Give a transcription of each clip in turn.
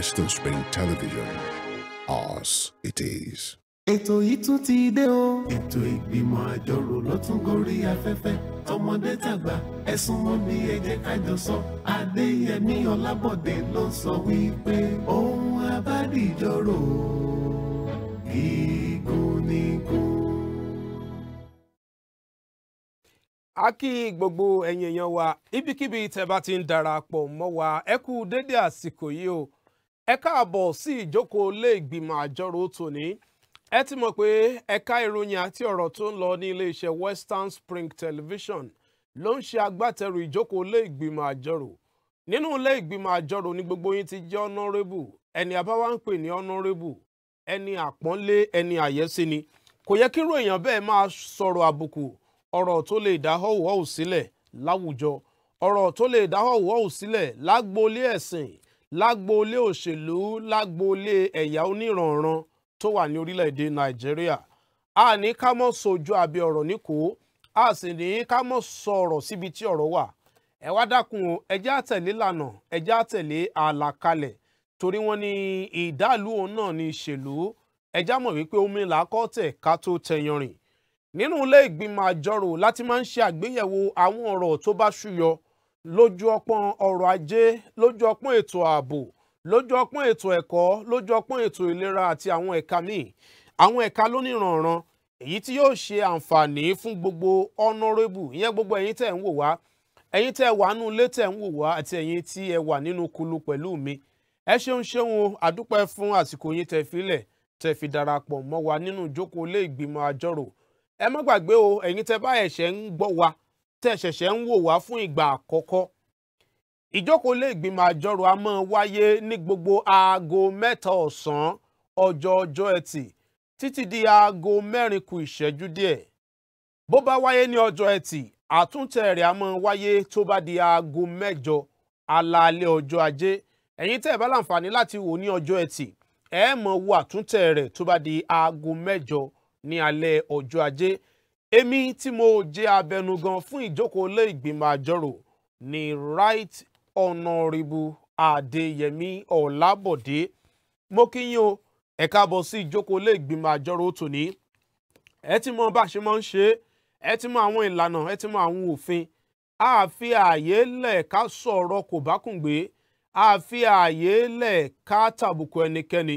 Western Spring Television as it is. ètò yìí tún ti dé o. ètò ìgbìmọ̀ àjọrò ló tún gorí afẹ́fẹ́ tọmọdé tàgbà ẹ̀sùn mọ́ mi ẹ jẹ́ sọ adéyẹmí ọlábọ̀dé ló ń sọ wípé ohun abádìjọ́rò gígùn ní gùn. a gbogbo ẹ̀yin èèyàn wa ibikíbi tẹ́ bá ti ń darapọ̀ mọ́ wa ẹ kú dédé àsìkò yìí o ẹ káàbọ̀ sí ìjókòó ilé ìgbìmọ̀ àjọrò tòní ẹ ti mọ̀ pé ẹ̀ka ìròyìn àti ọ̀rọ̀ tó ń lọ ní iléeṣẹ́ Western Spring Television ló ń ṣe agbátẹrù ìjókòó ilé ìgbìmọ̀ àjọrò nínú ilé ìgbìmọ̀ àjọrò ni gbogbo yín ti jẹ́ honourable ẹni àbáwá ń pè ní honourable ẹni àpọ́nlé ẹni àyẹ́sí ni kò yẹ kíró èèyàn bẹ́ẹ̀ máa sọ̀rọ̀ àbùkù ọ̀rọ̀ tó lè dá họ́wùhọ́wù sílẹ̀ láwùjọ ọ̀rọ̀ tó lè dá họ́wùhọ́wù sílẹ̀ lágboolé ẹ̀sìn lágboolé òṣèlú lágboolé ẹ̀yà oníranran tó wà ní orílẹ̀-èdè nàìjíríà a ní ká mọ̀ sojú àbí ọ̀rọ̀ níkò a sì ní ká mọ̀ sọ̀rọ̀ síbi tí ọ̀rọ̀ wà ẹ wá dákun o ẹ jẹ́ àtẹ̀lé lànà ẹ jẹ́ àtẹ̀lé àlàkalẹ̀ torí wọ́n ní ìdálù òun náà ní ìṣèlú ẹ já mọ̀ wípé omi làákọ́tẹ̀ ká tó tẹyanrìn nínú ilé ìgbìmọ̀ àjọrò láti máa ń ṣe àgbéyẹ̀wò àwọn ọ̀rọ̀ tó bá ṣúyọ lójú ọpọ́n ọrọ̀ ajé lójú ọpọ́n ètò ààbò lójú ọpọ́n ètò ẹ̀kọ́ lójú ọpọ́n ètò ìlera àti àwọn ẹ̀ka míì àwọn ẹ̀ka lóníranran èyí tí yóò ṣe àǹfààní fún gbogbo honourable ìyẹn gbogbo ẹ̀yin tẹ̀ ń wò wá ẹ̀yin tẹ̀ wà nínú ilé tẹ̀ ń wò wá àti ẹ̀yin tí ẹ wà nínú kulu pẹ̀lú mi ẹ ṣeun ṣeun o àdúpẹ́ fún àsìkò yín tẹ́ filẹ̀ tẹ́ fi darapọ̀ mọ́ wa nínú ìjókòó ilé ìgbìmọ̀ àjọrò ẹ má gbàgbé o ẹ̀yin tẹ́ bá ẹ̀ṣẹ̀ ń gbọ́ wa tẹ́ ṣẹ̀ṣẹ̀ ń wò wá fún ìgbà àkọ́kọ́ ìjókòó ilé ìgbìmọ̀ àjọrò a máa wáyé ní gbogbo aago mẹ́ta ọ̀sán ọjọ́ ọjọ́ ẹtì títí di aago mẹ́rin kù ìṣẹ́jú díẹ̀ bó bá wáyé ní ọjọ́ ẹtì àtúntẹ̀ rẹ̀ a máa wáyé tó bá di aago mẹ́jọ alaalẹ́ ọjọ́ ajé ẹ̀yin tẹ́ ẹ̀ bá láǹfààní láti wò ní ọjọ́ ẹtì ẹ máa wo àtúntẹ̀ rẹ̀ tó bá di aago mẹ́jọ ní alẹ́ ọjọ́ ajé èmi tí mo jẹ́ abẹnugan fún ìjókòó ilé ìgbìmọ̀ àjọrò ní right honourable adeyemi olabode mo kí yín o ẹ káàbọ̀ sí ìjókòó ilé ìgbìmọ̀ àjọrò tòní ẹ ti mọ bá a ṣe máa ń ṣe ẹ ti mọ àwọn ìlànà ẹ ti mọ àwọn òfin àfi ààyè lẹ̀ ká sọ̀rọ̀ kò bá kùn gbé àfi ààyè lẹ̀ ká tàbùkù ẹnikẹ́ni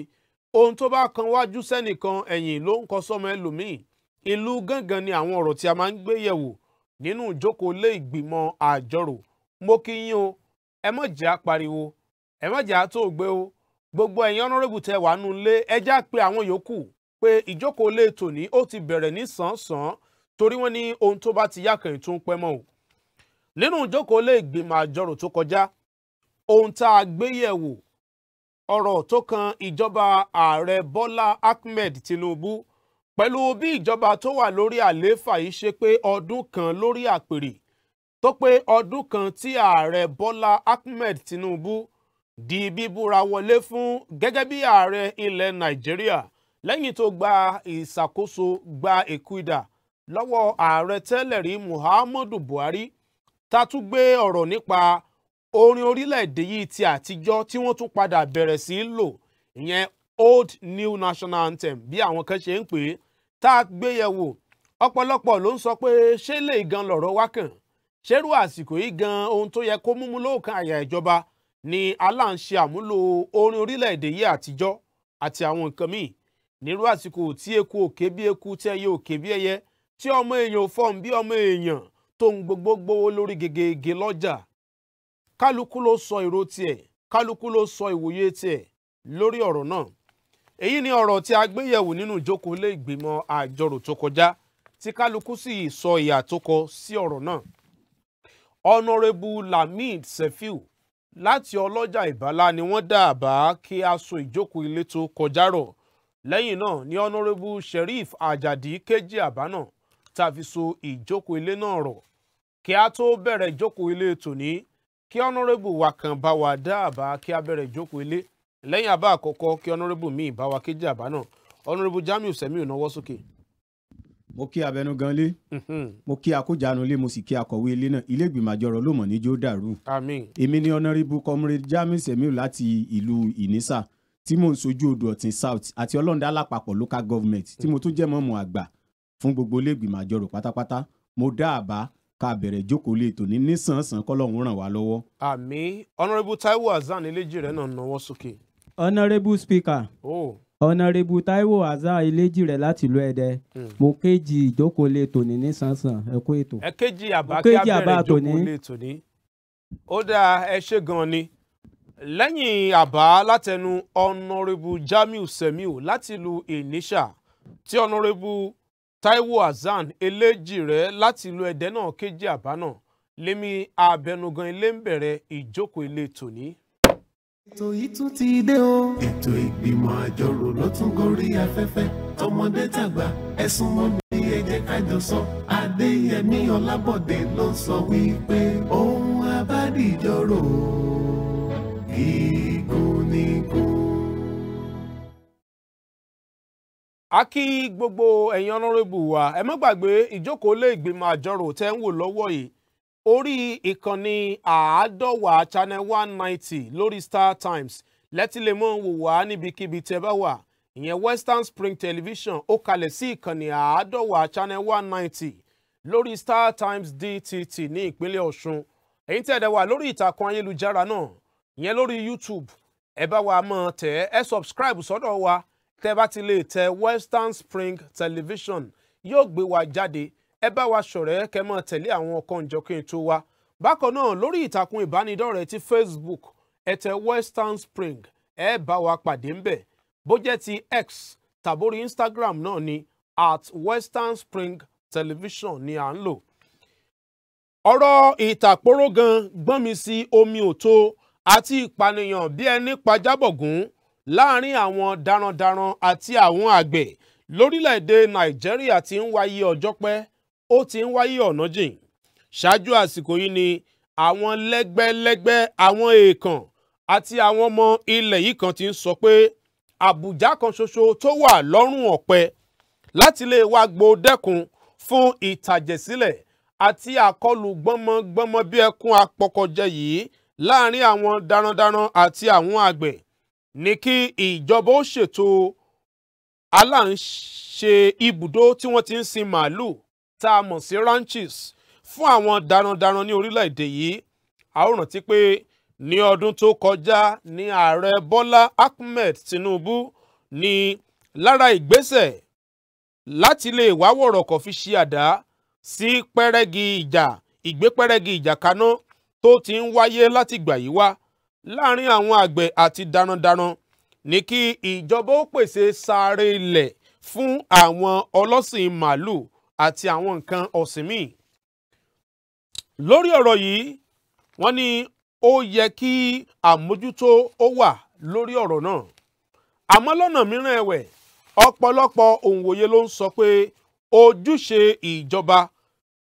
ohun tó bá kan wájú sẹ́nìkan ẹ̀yìn ló ń kọ sọ́mọ ẹlòmíì ìlú gángan ni àwọn ọ̀rọ̀ tí a máa ń gbé yẹ̀wò nínú ìjókòó ilé ìgbìmọ̀ àjọrò mo kí yín o ẹ má jẹ́ apariwo ẹ má jẹ́ àtòògbé o gbogbo ẹ̀yin ọ̀nàrẹ́bù tẹ wà nù lé ẹjá pé àwọn yòókù pé ìjókòó ilé tòní ó ti bẹ̀rẹ̀ ní sàn-án torí wọ́n ní ohun tó bá ti yá kẹ́yìn tó ń pẹ́ mọ́ o nínú ìjókòó ilé ìgbìmọ̀ àjọrò tó kọjá ohun tá a gbé yẹ̀wò ọ̀rọ̀ tó kan ìjọba ààrẹ Bọ́lá Ahmed Tinubu pẹ̀lú bí ìjọba tó wà lórí àlééfà yìí ṣe pé ọdún kan lórí àpèrè tó pé ọdún kan tí ààrẹ Bọ́lá Ahmed Tinubu di bíbúra wọlé fún gẹ́gẹ́ bí ààrẹ ilẹ̀ Nàìjíríà lẹ́yìn tó gba ìṣàkóso gba ìkúdà lọ́wọ́ ààrẹ tẹ́lẹ̀ rí Muhammadu Buhari tá a tún gbé ọ̀rọ̀ nípa orin orílẹ̀-èdè yìí ti àtijọ́ tí wọ́n tún padà bẹ̀rẹ̀ sí lò ìyẹn old new national anthem bí àwọn kan ṣe ń pè é tá a gbé yẹ̀wò ọ̀pọ̀lọpọ̀ ló ń sọ pé ṣé lè gan lọ̀rọ̀ wá kàn ṣerú àsìkò yìí gan ohun tó yẹ kó múmú lóòkan àyà ìjọba ni aláǹṣe àmúlò orin orílẹ̀-èdè yìí àtijọ́ àti àwọn nǹkan míì nírú àsìkò tí eku òkè bí eku tí ẹyẹ òkè bí ẹyẹ tí ọmọ èèyàn fọ́n bí ọmọ èèyàn tó ń gbogbo lórí gegege lọ́jà kálukú ló sọ èrò tiẹ̀ kálukú ló sọ ìwòye tiẹ̀ lórí ọ̀rọ̀ náà èyí ni ọ̀rọ̀ tí a gbé yẹ̀wò nínú ìjókòó ilé ìgbìmọ̀ àjọrò tó kọjá tí kálukú sì sọ ìhà tó kọ sí ọ̀rọ̀ náà ọ̀nàrẹ́bù lamid sefiu láti ọlọ́jà ìbálá ni wọ́n dá àbá kí a so ìjókòó ilé tó kọjá rọ̀ lẹ́yìn náà ni ọ̀nàrẹ́bù sheriff ajadi kejì àbá náà tá a fi so ìjókòó ilé náà rọ̀ kí a tó bẹ̀rẹ̀ ìjókòó ilé tòní kí ọ̀nàrẹ́bù wa bá wa dá kí a bẹ̀rẹ̀ ìjókòó ilé lẹ́yìn àbá àkọ́kọ́ kí ọ̀nàrẹ́bù mi bá wa kéjì àbá náà ọ̀nàrẹ́bù Jamiu Semiu náwó sókè. mo kí abẹnugan lé mhm. mo kí akójanu lé mo sì kí akọ̀wé ilé náà ilé ìgbìmọ̀ àjọrọ̀ ló mọ̀ ní jó dàrú. àmín. èmi ni ọ̀nàrẹ́bù comrade Jamiu Semiu láti ìlú ìnísà tí mò ń sojú odò ọ̀tìn south àti ọlọ́ndà alápapọ̀ local government tí mo tún jẹ́ mọ́mọ́ àgbà fún gbogbo ilé ìgbìmọ̀ àjọrò pátápátá mo dá àbá ká bẹ̀rẹ̀ jókòó lè tòní nísànsán kọ́lọ́hún ràn wá lọ́wọ́. àmín ọ̀nàrẹ́bù Taiwo Hasan eléjì rẹ̀ náà náwó sókè honourable speaker oh. honourable taiwo azar iléjìrẹ láti ìlú ẹdẹ mm. mo kéjì ìjókòó lè tòní nísànsàn ẹ kó ètò. ẹ kéjì àbá kí a bẹ̀rẹ̀ ìjókòó lè tòní. ó dáa ẹ ṣe gan-an ni lẹ́yìn àbá látẹnu honourable jamiu semiu láti ìlú inisha, tí honourable taiwo azan eléjìrẹ láti ìlú ẹdẹ náà kéjì àbá náà lémi abẹnugan ilé ń bẹ̀rẹ̀ ìjókòó ilé tòní ètò yìí tún ti dé o. ètò ìgbìmọ̀ àjọrò ló tún gorí afẹ́fẹ́ tọmọdé tàgbà ẹ súnmọ́ mi ẹ jẹ́ ká jọ sọ adéyẹmí ọlábọ̀dé ló ń sọ wípé ohun abádìjọ́rò gígùn ní gùn. a kí gbogbo ẹ̀yin ọ̀nàrẹ́bù wa ẹ má gbàgbé ìjókòó lé ìgbìmọ̀ àjọrò tẹ́ ń wò lọ́wọ́ yìí orí ìkànnì àádọ́wà channel one ninety lórí Star Times lẹ́tí lè mọ́ wò wá níbikíbi tẹ́ bá wà ìyẹn Western Spring Television ó kalẹ̀ sí ìkànnì àádọ́wà channel one ninety lórí Star Times DTT ní ìpínlẹ̀ Ọ̀ṣun èyí tẹ́ ẹ̀dẹ̀ wà lórí ìtàkùn ayélujára náà ìyẹn lórí YouTube ẹ bá wa mọ̀ tẹ́ ẹ subscribe sọ́dọ̀ wa tẹ́ bá ti lè tẹ Western Spring Television yóò gbé wa jáde ẹ bá wa ṣọ̀rẹ́ kẹ́ máa tẹ̀lé àwọn ọkọ̀ ìjọkìn tó wa bákan náà lórí ìtàkùn ìbánidọ́rẹ̀ẹ́ ti Facebook ẹ Western Spring ẹ bá wa pàdé ńbẹ̀ bó jẹ́ ti X tàbórí Instagram náà ni at Western Spring Television ni à ń lò. ọ̀rọ̀ ìtàkpóró gan gbọ́n mi sí omi òtó àti ìpànìyàn bí ẹni pajábọ̀gùn láàrin àwọn darandaran àti àwọn àgbẹ̀ lórílẹ̀‐èdè Nàìjíríà ti ń wáyé ọjọ́ pẹ́ ó ti ń wáyé ọ̀nà jìn ṣáájú àsìkò yìí ni àwọn lẹ́gbẹ́lẹ́gbẹ́ àwọn èèkàn àti àwọn ọmọ ilẹ̀ yìí kan ti ń sọ pé àbùjá kan ṣoṣo tó wà lọ́rùn ọ̀pẹ láti lè wá gbo dẹ́kun fún ìtàjẹ̀sílẹ̀ àti àkọlù gbọ́mọgbọ́mọ bí ẹkún apọkọjẹ yìí láàrin àwọn darandaran àti àwọn àgbẹ̀ ní kí ìjọba ó ṣètò aláǹṣe ibùdó tí wọ́n ti ń sin màálù tá a mọ̀ sí ranches fún àwọn darandaran ní orílẹ̀-èdè yìí a ó rántí pé ní ọdún tó kọjá ní ààrẹ Bọ́lá Ahmed Tinubu ní lára ìgbésẹ̀ láti lè wá wọ̀rọ̀kọ̀ fi ṣe àdá sí pẹ́rẹ́gì ìjà ìgbépẹ́rẹ́gì ìjà kaná tó ti ń wáyé láti gbà yí wá láàrin àwọn àgbẹ̀ àti darandaran ní kí ìjọba ó pèsè sáré ilẹ̀ fún àwọn ọlọ́sìn màálù àti àwọn nǹkan ọ̀sìn míì lórí ọ̀rọ̀ yìí wọ́n ní ó yẹ kí àmójútó ó wà lórí ọ̀rọ̀ náà àmọ́ lọ́nà mìíràn ẹ̀wẹ̀ ọ̀pọ̀lọpọ̀ òǹwòye ló ń sọ pé ojúṣe ìjọba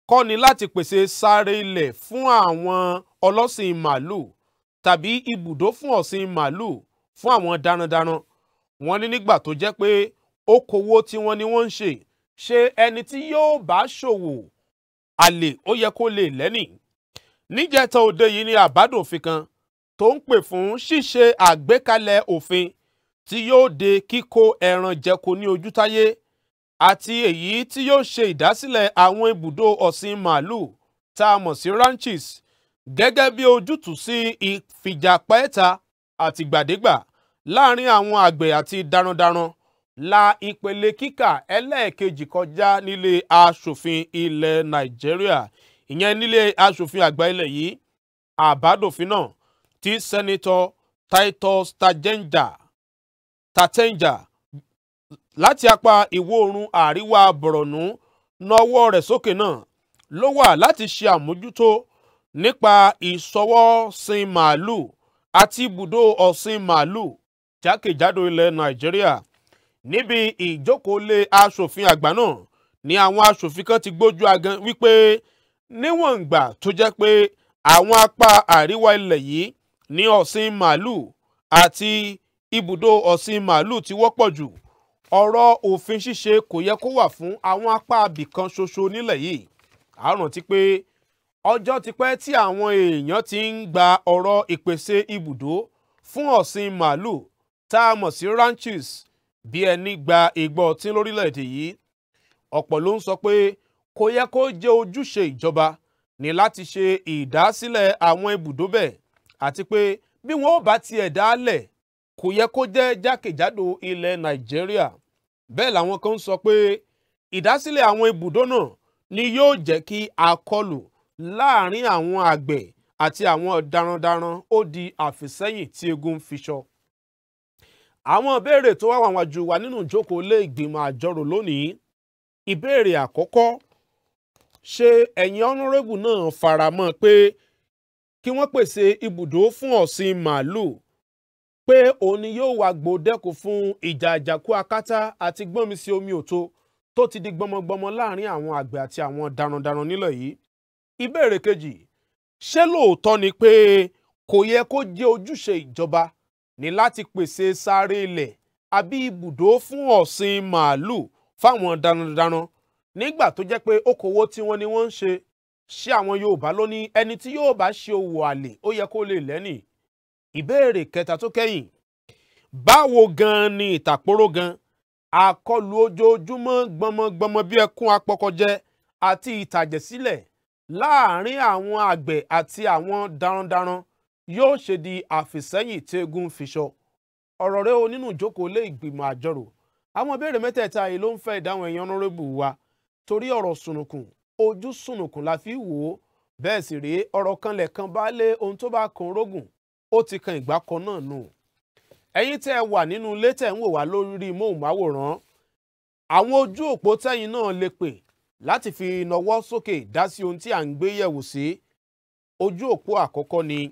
kọ́ ni láti pèsè sáré ilẹ̀ fún àwọn ọlọ́sìn màálù tàbí ibùdó fún ọ̀sìn màálù fún àwọn darandaran wọ́n ní nígbà tó jẹ́ pé okòwò tí wọ́n ní wọ́n ń ṣe ṣe ẹni tí yóò bá ṣòwò àlè ó yẹ kó lè lẹ́nì níjẹta òde yìí ni àbádòfin kan tó ń pè fún ṣíṣe àgbékalẹ̀ òfin tí yóò de kíkó ẹran jẹko ní ojútáyé àti èyí tí yóò ṣe ìdásílẹ̀ àwọn ibùdó ọ̀sìn màálù tá a mọ̀ sí ranches gẹ́gẹ́ bí ojútùú sí ìfìjàpẹ́ta àtìgbàdégbà láàrin àwọn àgbẹ̀ àti darandaran la ìpele kíkà ẹlẹ́ẹ̀kejì kọjá nílé aṣòfin ilẹ̀ nàìjíríà ìyẹn nílé aṣòfin àgbà ilẹ̀ yìí àbádòfin náà tí sẹ́nitọ́ titus tajenja tatenja láti apá ìwọ̀ oòrùn àríwá bọ̀rọ̀nù nọwọ́ rẹ̀ sókè náà ló wà láti ṣe àmójútó nípa ìṣọwọ́sìn màálù àti ibùdó ọ̀sìn màálù jákèjádò ilẹ̀ nàìjíríà níbi ìjókòólé aṣòfin àgbà náà ni àwọn aṣòfin kan ti gbójú agan wípé níwọ̀n ìgbà tó jẹ́ pé àwọn apá àríwá ilẹ̀ yìí ní ọ̀sìn màálùú àti ibùdó ọ̀sìn màálùú ti wọ́pọ̀ jù ọ̀rọ̀ òfin ṣíṣe kò yẹ kó wà fún àwọn apá abìkan ṣoṣo nílẹ̀ yìí a rántí pé ọjọ́ ti pẹ́ tí àwọn èèyàn ti ń gba ọ̀rọ̀ ìpèsè ibùdó fún ọ̀sìn màálùú tá a mọ̀ sí ranches bí ẹni gba igbó ọtí lórílẹ̀‐èdè yìí ọ̀pọ̀ ló ń sọ pé kò yẹ kó jẹ́ ojúṣe ìjọba ní láti ṣe ìdásílẹ̀ àwọn ibùdó bẹ́ẹ̀ àti pé bí wọn ò bá tiẹ̀ dálẹ̀ kò yẹ kó jẹ́ jákèjádò ilẹ̀ nàìjíríà bẹ́ẹ̀ làwọn kan ń sọ pé ìdásílẹ̀ àwọn ibùdó náà ni yóò jẹ́ kí àkọlù láàrin àwọn àgbẹ̀ àti àwọn darandaran ó di àfìsẹ́yìn tí egun fi ṣọ àwọn ìbéèrè tó wà wàwájú wa nínú ìjókòó lé ìgbìmọ̀ àjọrò lónìí ìbéèrè àkọ́kọ́ ṣé ẹ̀yin ọ̀nùrẹ́bù náà faramọ́ pé kí wọ́n pèsè ibùdó fún ọ̀sìn màálùú pé òun ni yóò wá gbòdẹ́kù fún ìjà àjàkú akátá àti gbọ́nmisí omi òtó tó ti di gbọmọgbọmọ láàrin àwọn àgbẹ̀ àti àwọn darandaran nílẹ̀ yìí ìbéèrè kejì ṣé lóòótọ́ ni pé kò yẹ kó jẹ́ ojúṣe ìjọba ní láti pèsè sáré ilẹ̀ àbí ibùdó fún ọ̀sìn màálù fáwọn darandaran nígbà tó jẹ́ pé okòwò tí wọ́n ní wọ́n ń ṣe ṣé àwọn Yorùbá ló ní ẹni tí yóò bá ṣe òwò àlè ó yẹ kó lè lẹ́nì ìbéèrè kẹta tó kẹ́yìn báwo gan ni ìtàpóró gan àkọlù ojoojúmọ́ gbọmọgbọmọ bí ẹkún apọkọjẹ àti ìtàjẹ̀sílẹ̀ láàárín àwọn àgbẹ̀ àti àwọn darandaran yóò ṣe di àfìsẹ́yìn tí egun fi sọ ọ̀rọ̀ rẹ o nínú ìjókòó ilé ìgbìmọ̀ àjọrò àwọn ìbéèrè mẹ́tẹ̀ẹ̀ta yìí ló ń fẹ́ ìdáhùn ẹ̀yàn ọ̀nàrẹ́bù wa torí ọ̀rọ̀ sùnùkùn ojú sùnùkùn la fi wò ó bẹ́ẹ̀ sì rèé ọ̀rọ̀ kan lẹ̀kan bá lé ohun tó bá kan rógùn ó ti kan ìgbà kan náà nù ẹ̀yin tẹ́ ẹ wà nínú ilé tẹ́ ń wò wá lórí móhùnmáwòrán àwọn ojú òpó tẹ́yin náà lè pè láti fi nawọ́ sókè dá sí ohun tí à ń gbé yẹ̀wò sí ojú òpó àkọ́kọ́ ni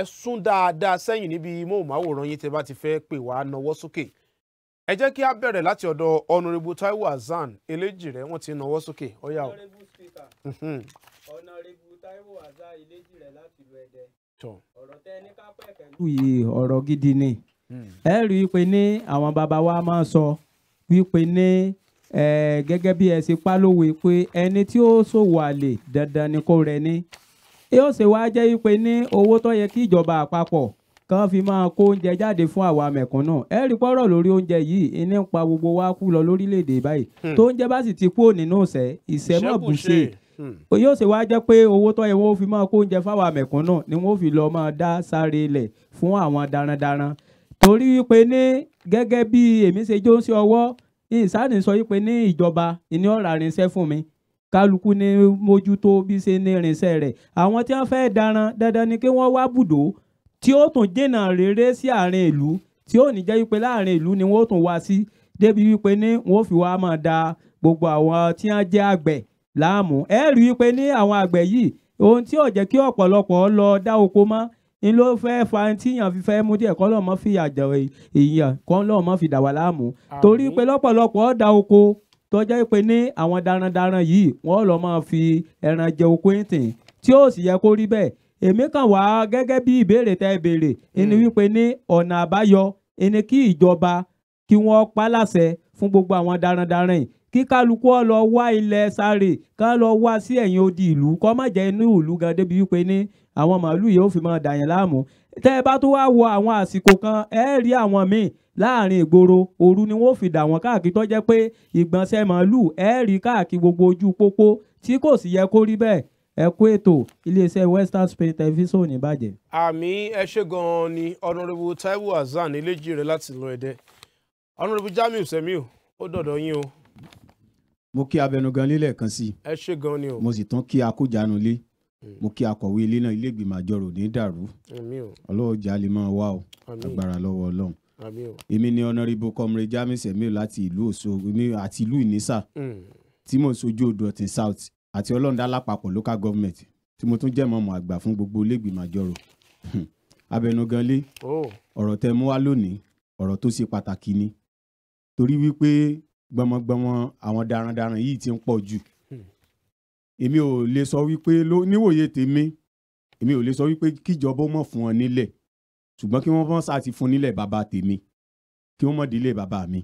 ẹ sún dáadáa sẹ́yìn níbi móhùnmáwòrán yín tẹ́ bá ti fẹ́ pè wá nawọ́ sókè ẹ jẹ́ kí a bẹ̀rẹ̀ láti ọ̀dọ̀ ọ̀nàrẹ́bù Táíwò Hasan eléjì rẹ̀ wọ́n ti nawọ́ sókè ọ̀yà o. ọ̀nàrẹ́bù Táíwò Hasan eléjì rẹ̀ láti lu ẹ̀dẹ̀ ọ̀rọ̀ tẹ́ ní kápẹ́ kẹ́lú. yìí ọ̀rọ̀ gidi ni hmm. ẹ rí i pé ní àwọn bàbá wa máa sọ wípé ní gẹ́gẹ́ bí ẹ ṣe pálówe pé ẹni tí ó ṣòwò àlè dandan ni kò rẹ̀ ní yóò ṣe wá jẹ́ wípé ní owó tó yẹ kí ìjọba àpapọ̀ kan fi máa kó oúnjẹ jáde fún àwa mẹ̀kúnnù ẹ rí pọ́rọ̀ lórí oúnjẹ yìí iní ń pa gbogbo wa kú lọ lórílẹ̀‐èdè báyìí hmm. tó oúnjẹ bá sì ti kú òní náà ṣẹ́ ìṣẹ́mọ̀ bùṣe hmm. yóò ṣe wá jẹ́ pé owó tó yẹ wọ́n fi máa kó oúnjẹ fáwa mẹ̀kúnnù ni wọ́n fi lọ́ọ́ máa dá sáré ilẹ̀ fún àwọn darandaran torí wípé ní gẹ́gẹ́ bí èmi ṣe jó ń ṣe ọwọ́ ìsánì sọ wípé ní ìjọba ìní ọ̀rà rinṣẹ́ fún mi kálukú ní mójútó bí ṣe ní irinṣẹ́ rẹ̀ àwọn tí wọ́n fẹ́ daran dandan ni kí wọ́n wá bùdó tí ó tún dènà rere sí àárín ìlú tí ó ní jẹ́ wípé láàrin ìlú ni wọ́n tún wá sí débi wípé ní wọ́n fi wá máa da gbogbo àwọn tí wọ́n jẹ́ àgbẹ̀ láàmú ẹ rí wípé ní àwọn àgbẹ̀ yìí ohun tí ò jẹ́ kí ọ̀pọ̀lọpọ̀ lọ dá oko mọ́ ni ló fẹ́ fa tíyàn fi fẹ́ mú díẹ̀ kọ́ lọ́ọ́ mọ́ fi àjọ èèyàn kọ́ lọ́ọ́ mọ́ fi dà wá láàmú torí pé lọ́pọ̀lọpọ̀ dá oko tó jẹ́ pé ní àwọn darandaran yìí wọ́n lọ́ọ́ máa fi ẹran jẹ okó ìtìn tí ó sì yẹ kó rí bẹ́ẹ̀ èmi kàn wá gẹ́gẹ́ bí ìbéèrè tẹ́ ẹ béèrè ẹni hmm. wípé ní ọ̀nà àbáyọ ẹni kí ìjọba kí wọ́n pa láṣẹ fún gbogbo àwọn darandaran yìí kí kálukú ọ lọ wá ilẹ̀ sáré ká lọ wá sí ẹ̀yìn odi ìlú kọ́ má jẹ́ inú ìlú gan débi wípé ní àwọn màálù yìí ó fi máa dàyàn láàmú tẹ́ ẹ bá tó wá wo àwọn àsìkò kan ẹ rí àwọn míì láàrin ìgboro òru ni wọ́n fi dà wọ́n káàkiri tó jẹ́ pé ìgbọ̀nsẹ̀ màálù ẹ rí káàkiri gbogbo ojú pópó tí kò sì yẹ kó rí bẹ́ẹ̀ ẹ kú ètò iléeṣẹ́ Western Spain Television ò àmì ẹ ṣe gan-an ni ọ̀nàrẹ́bù Taiwo Hasan eléjì rẹ láti lọ ẹ̀dẹ́ ọ̀nàrẹ́bù Jamiu Semiu ó dọ̀dọ̀ yín o. mo kí abẹnugan lílẹ̀ kan sí i. ẹ ṣe gan-an ni o. mo sì tún kí akójanu lé Mm. mo kí akọ̀wé ilé náà ilé ìgbìmọ̀ àjọrò ní dàrú ọlọ́wọ́ jà lè máa wá o agbára lọ́wọ́ ọlọ́run èmi ni ọ̀nàrìbù comrade james emil láti ìlú òso àti ìlú ìnísà mm. tí mo sojú odò ọ̀tìn south àti ọlọ́run dálápapọ̀ local government tí mo tún jẹ́ mọ̀mọ́ àgbà fún gbogbo ilé ìgbìmọ̀ àjọrò hmm. abẹnuganlé ọ̀rọ̀ tẹ mú wá lónìí ọ̀rọ̀ tó ṣe pàtàkì ni torí wípé gbọmọgbọmọ àwọn darandaran yìí ti ń pọ̀ jù èmi ò lè sọ wípé níwòye tèmi èmi ò lè sọ wípé kíjọba ó mọ̀ fún ọ nílẹ̀ ṣùgbọ́n kí wọ́n mọ̀ sá ti fún nílẹ̀ bàbá tèmi kí wọ́n mọ̀ dílé bàbá mi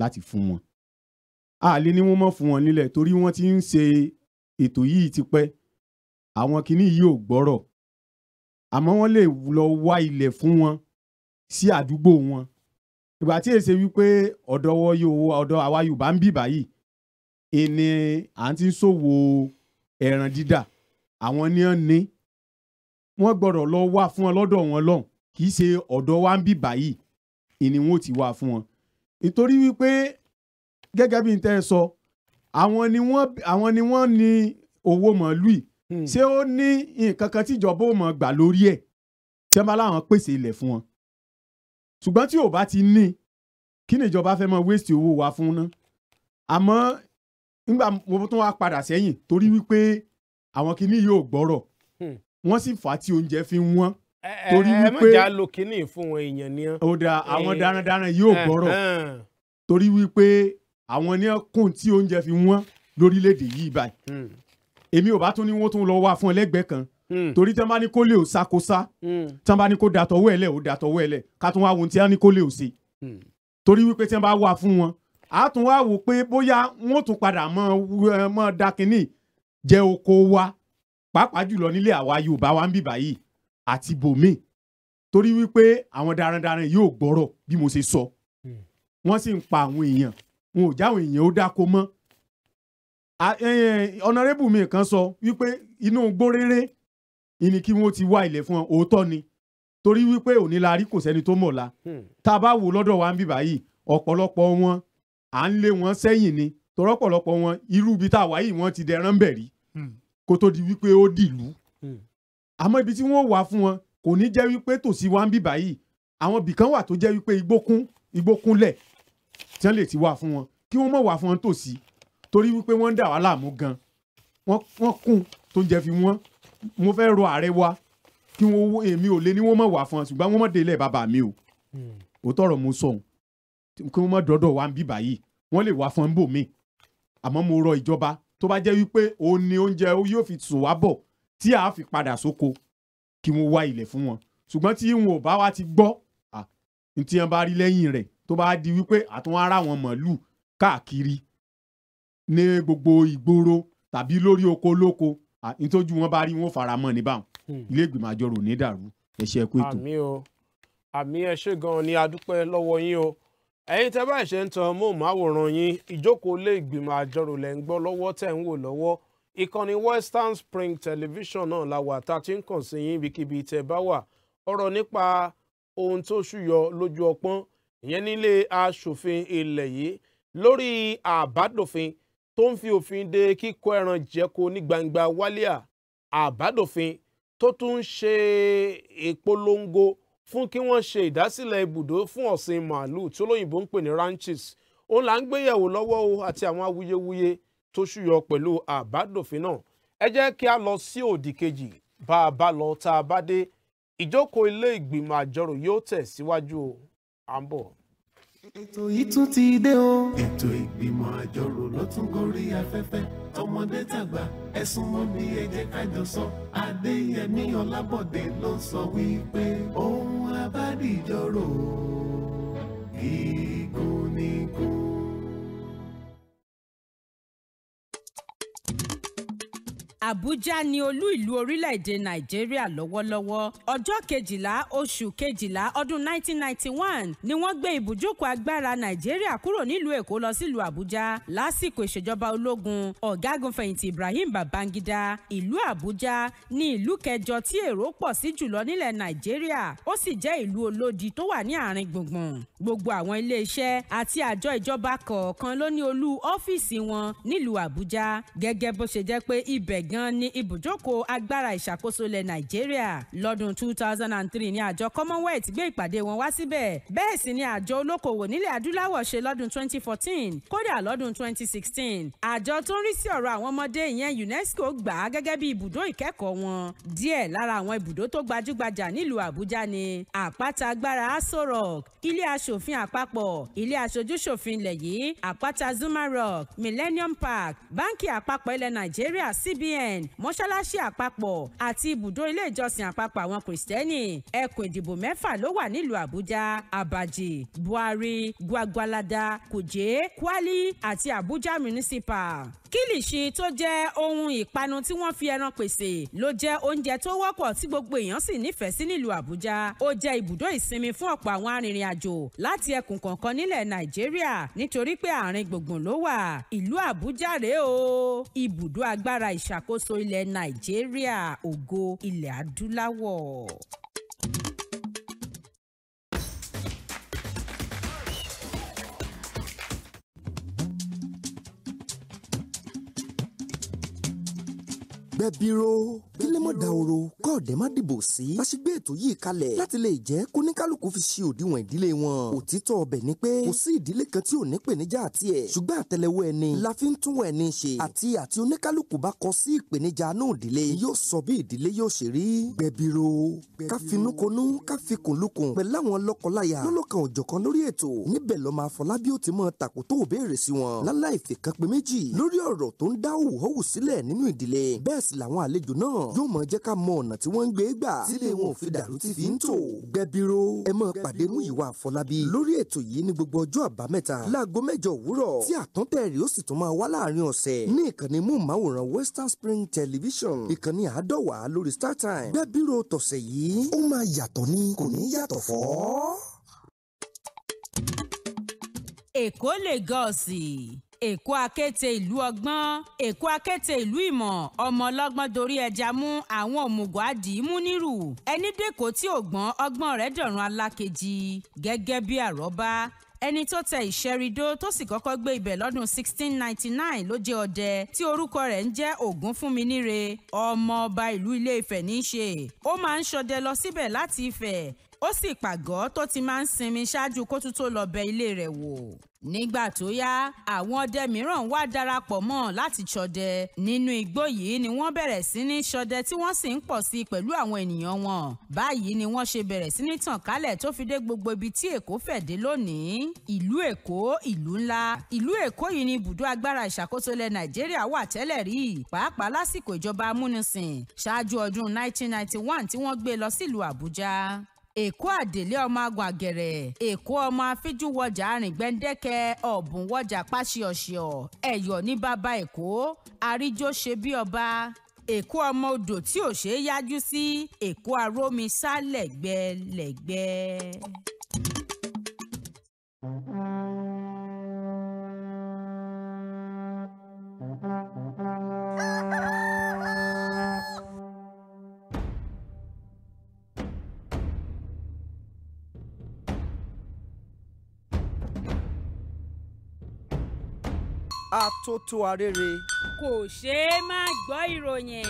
láti fún wọn. àlè ni wọ́n mọ̀ fún wọn nílẹ̀ torí wọ́n ti ń ṣe ètò yìí tipẹ́ àwọn kìíní yìí ò gbọ́rọ̀ àmọ́ wọ́n lè lọ wá ilẹ̀ fún wọn sí àdúgbò wọn ìgbà tí èsè wípé ọ̀dọ̀ ọwọ́ yóò ọ̀dọ̀ àwa Yorùbá ń bì báyìí ìní à ń ṣòwò ẹ̀ràn dídà àwọn ni wọ́n ní wọ́n gbọ́dọ̀ lọ wá fún wọn lọ́dọ̀ wọn lọ́hùn kì í ṣe ọ̀dọ̀ wa ń bì báyìí ìní wọn ò ti wá fún wọn nítorí wípé gẹ́gẹ́ bí n tẹ́ ẹ sọ àwọn ni wọ́n àwọn ni wọ́n ní owó màálù hmm. ṣé ó ní nǹkan kan tíjọba ò mọ̀ gbà lórí ẹ̀ tí wọ́n láwọn pèsè ilẹ̀ fún wọn ṣùgbọ́n tí ò bá ti ní kí ni ìjọba fẹ́ mọ waste owó wa fún ná àmọ́ nígbà mo tún wá padà sẹ́yìn torí wípé àwọn kinní yóò gbọ́rọ̀ hmm. wọ́n sì fà á tí oúnjẹ fi ń wọ́n torí wípé ẹ má jà lo kinní fún wọn èèyàn ni. ó da àwọn eh, darandaran yóò eh, gbọ́rọ̀ eh. torí wípé àwọn ní kùn tí oúnjẹ fi wọ́n lórílẹ̀‐èdè yìí báyìí hmm. èmi ò bá tún ní wọ́n tún lọ wá fún ẹlẹ́gbẹ̀ẹ́ kan hmm. torí tí wọ́n bá ní kó lè ò tí wọ́n bá ní kó dàtọ̀wọ́ ẹ̀lẹ́ ò dàtọ̀wọ́ ẹ̀lẹ́ ká tún wá wo tí wọ́n ní kó lè ṣe torí wípé tí wọ́n bá wà fún wọn a tún wá wò pé bóyá wọn tún padà mọ mọ dakinni jẹ oko wa pàápàá jùlọ nílé àwa Yorùbá wa ń bìbà yìí àti bòmíì torí wípé àwọn darandaran yóò gbọ́rọ̀ bí mo ṣe sọ hmm. wọ́n sì ń pa àwọn èèyàn wọn ò jáwọn èèyàn ó dáko mọ́ ọ̀nàrẹ́bù mi kan sọ wípé inú gbóréré ìní kí wọ́n ti wá ilẹ̀ fún ọ òótọ́ ni torí wípé òní la rí kò sẹ́ni tó mọ̀ la hmm. tá a bá wò lọ́dọ̀ wa ń bìbà yìí ọ̀pọ̀lọpọ̀ wọn à ń lé wọn sẹ́yìn ni tọrọpọlọpọ wọn irú ibi tá a wáyé wọn ti dẹran bẹ̀ rí hmm. kó tó di wípé ó dìlú hmm. àmọ́ ibi tí wọ́n wà fún wọn kò ní jẹ́ wípé tòsí wa ń bì báyìí àwọn bìkan wà tó jẹ́ wípé igbó kún igbó kúnlẹ̀ tí wọ́n lè ti wà fún wọn kí wọ́n mọ̀ wà fún wọn tòsí torí wípé wọ́n ń dà wá láàmú gan wọ́n kún tó ń jẹ fi wọ́n mo fẹ́ rọ ààrẹ wa kí wọ́n èmi ò lé ní wọ́n mọ̀ wà fún wọn ṣùgbọ́n wọ́n mọ̀ délẹ̀ bàbá mi o hmm. òótọ́ ọ̀rọ̀ mo sọ̀hún kí wọ́n mọ̀ dọ́dọ̀ wa ń bí báyìí wọ́n lè wá fún bòmí àmọ́ mo rọ ìjọba tó bá jẹ́ wípé òun ni oúnjẹ yóò fi sùn wá bọ̀ tí a fi padà sóko kí wọ́n wá ilẹ̀ fún wọn ṣùgbọ́n tí wọn ò bá wa ti gbọ́ tí wọn bá rí lẹ́yìn rẹ̀ tó bá di wípé àtúnwá ara wọn mọ̀lú káàkiri ní gbogbo ìgboro tàbí lórí oko lóko nítorí wọn bá rí wọn fara mọ́ ní báwọn hmm. ilé àjọrò ní dàrú ẹ ṣé kú àmì ẹ ṣé gan-an ni a lọ́wọ́ yín o ẹ̀yin tẹ́ bá ṣe ń tan móhùnmáwòrán yín ìjókòó ilé ìgbìmọ̀ àjọrò lẹ́ ń gbọ́ lọ́wọ́ tẹ̀ ń wò lọ́wọ́ ìkànnì Western Spring Television náà la wà tá a ti ń kàn sí yín ibikíbi tẹ́ bá wà ọ̀rọ̀ nípa ohun tó ṣúyọ lójú ọpọ́n ìyẹn nílé aṣòfin ilẹ̀ yìí lórí àbádòfin tó ń fi òfin de kíkó ẹran jẹko ní gbangba wálíà àbádòfin tó tún ń ṣe ìpolongo e fún kí wọ́n ṣe ìdásílẹ̀ ibùdó fún ọ̀sìn màálùú tí olóyìnbó ń pè ní ranches òun là ń gbéyẹ̀wò lọ́wọ́ o àti àwọn awuyewuye tó ṣúyọ pẹ̀lú àbádòfin náà ẹ jẹ́ kí a lọ sí òdì kejì bá a bá lọ tá a bá dé ìjókòó ilé ìgbìmọ̀ àjọrò yóò tẹ̀ síwájú o à ń bọ̀ ètò yìí tún ti dé o. ètò ìgbìmọ̀ àjọrò ló tún gorí afẹ́fẹ́ tọmọdé tàgbà ẹ sún mọ́ mi ẹ jẹ́ ká jọ sọ adéyẹmí ọlábọ̀dé ló ń sọ wípé ohun abádìjọ́rò gígùn ni Abuja ni olú ìlú orílẹ̀-èdè Nàìjíríà lọ́wọ́lọ́wọ́ ọjọ́ kejìlá oṣù kejìlá ọdún 1991 ni wọ́n gbé ibùjókòó agbára Nàìjíríà kúrò nílùú Èkó lọ sílùú Àbújá lásìkò ìṣèjọba ológun ọ̀gágun fẹ̀yìntì Ibrahim Babangida ìlú Àbújá ni ìlú kẹjọ tí èrò pọ̀ sí jùlọ nílẹ̀ Nàìjíríà ó sì jẹ́ ìlú olódi tó wà ní àárín gbùngbùn gbogbo àwọn iléeṣẹ́ àti àjọ ìjọba kọ̀ọ̀kan ló ní olú ọ́fíìsì wọn nílùú Àbújá gẹ́gẹ́ bó ṣe jẹ́ pé ibẹ̀ g gan ni ibùjókòó agbára ìṣàkóso ilẹ̀ nàìjíríà lọ́dún two thousand and three ni àjọ commonwealth gbé ìpàdé wọn wá síbẹ̀ bẹ́ẹ̀ sì ni àjọ olókoòwò nílẹ̀ adúláwọ̀ ṣe lọ́dún twenty fourteen kódà lọ́dún twenty sixteen àjọ tó ń rí sí ọ̀rọ̀ àwọn ọmọdé ìyẹn unesco gbà á gẹ́gẹ́ bí ibùdó ìkẹ́kọ̀ọ́ wọn díẹ̀ lára àwọn ibùdó tó gbajúgbajà nílùú àbújá ni àpáta agbára aso rock ilé aṣòfin àpapọ̀ ilé aṣojúṣòfin ilẹ̀ yìí àpáta zuma rock millennium park báńkì àpapọ̀ ilẹ̀ nàìjíríà cbn un mọ́ṣáláṣí àpapọ̀ àti ibùdó ilé ìjọsìn àpapọ̀ àwọn kìrìsìtẹ́nì ẹkùn ìdìbò mẹ́fà ló wà nílùú àbújá abaji buhari gwagwalada kuje kwali àti abuja municipal kílìṣì tó jẹ́ ohun ìpanu tí wọ́n fi ẹran pèsè ló jẹ́ oúnjẹ tó wọ́pọ̀ tí gbogbo èèyàn sì nífẹ̀ẹ́ sí nílùú Àbújá ó jẹ́ ibùdó ìsinmi fún ọ̀pọ̀ àwọn arìnrìn-àjò láti ẹkùn kọ̀ọ̀kan nílẹ̀ Nàìjíríà nítorí pé àárín gbùngbùn ló wà ìlú Àbújá rèé o ibùdó agbára ìṣàkóso alákòóso ilẹ̀ nàìjíríà ògo ilẹ̀ adúláwọ̀. gbẹ̀bíró délé mọ́ dahoro kọ́ọ̀dẹ́ má dìbò sí. láṣìgbé ètò yìí kalẹ̀ láti lè jẹ́ kóníkálukú fi ṣe òdiwọ̀n ìdílé wọn. òtítọ́ ọbẹ̀ ni pé kò sí ìdílé kan tí ò ní pèníjà àti ẹ̀ ṣùgbọ́n àtẹ́lẹwọ́ ẹni la fi ń tún ẹni ṣe àti àti oníkálukú bá kọ sí ìpèníjà náà ìdílé yóò sọ bí ìdílé yóò ṣe rí. gbẹ̀bìrò káfinúkonú káfikùnlukùn pẹ̀lú àwọn lọ́kọláya lọ́lọ́kan òjọ̀kan lórí ètò níbẹ̀ lọ́mọ Afọlábí náà yóò mọ̀ jẹ́ ká mọ ọ̀nà tí wọ́n ń gbé gbà sílé wọn ò fi dàrú tí fi ń tò. gbẹbiro ẹ máa pàdé Múyìwá Àfọlábí lórí ètò yìí ní gbogbo ọjọ́ àbámẹ́ta láago mẹ́jọ òwúrọ̀ tí àtúntẹ̀ rẹ̀ ó sì tún máa wá láàrin ọ̀sẹ̀ ní ìkànnì múùmáwòrán Western Spring Television ìkànnì àádọ́wà lórí StarTimes gbẹbiro tọ̀sẹ̀ yìí ó máa yàtọ̀ ni kò ní yàtọ̀ fọ́. Èkó lè gọ̀ọ̀sì èkó akéte ìlú ọgbọ́n èkó akéte ìlú ìmọ̀ ọmọ ọlọ́gbọ́n dorí ẹja mú àwọn òmùgọ̀ àdìímú nírù ẹni dẹ́kọ̀ tí ò gbọ́n ọgbọ́n rẹ̀ dọ̀run alákejì gẹ́gẹ́ bí àrọ́bá ẹni tó tẹ ìṣẹ́rìdó tó sì kọ́kọ́ gbé ibẹ̀ lọ́dún 1699 ló jẹ́ ọdẹ tí orúkọ rẹ̀ ń jẹ́ Ògúnfúnminíre ọmọ ọba ìlú Ilé Ifẹ̀ ní í ṣe ó máa ń ṣọdẹ lọ síbẹ̀ láti Ifẹ̀ ó sì pàgọ́ tó ti máa ń sinmi ṣáájú kó tún tó lọ bẹ ilé rẹ̀ wò nígbà tó yá àwọn ọdẹ mìíràn wá darapọ̀ mọ́ láti ṣọdẹ nínú igbó yìí ni wọ́n bẹ̀rẹ̀ sí ní ṣọdẹ tí wọ́n sì ń pọ̀ sí i pẹ̀lú àwọn ènìyàn wọn báyìí ni wọ́n ṣe bẹ̀rẹ̀ sí ní tàn kálẹ̀ tó fi dé gbogbo ibi tí èkó fẹ̀ dé lónìí ìlú èkó ìlú ńlá ìlú èkó yìí ni ibùdó agbára ìṣàkóso ilẹ̀ nàìjíríà wà tẹ́lẹ̀ rí pàápàá lásìkò ìjọba amúnisìn ṣáájú ọdún 1991 tí wọ́n gbé lọ sílùú àbújá èkó àdèlé ọmọ àgọ àgẹ̀rẹ̀ èkó ọmọ afíjú wọjà arìngbẹ́ndẹ́kẹ́ ọ̀bùn wọjà páṣíọ̀ṣíọ̀ ẹ̀yọ̀ ní bàbá èkó àríjó ṣe bí ọba èkó ọmọ odò tí ò ṣeé yájú sí èkó arómi sá lẹ̀gbẹ́lẹ̀gbẹ́. Mm-hmm. atótó arére. kò é má gbọ́ ìròyìn ẹ̀.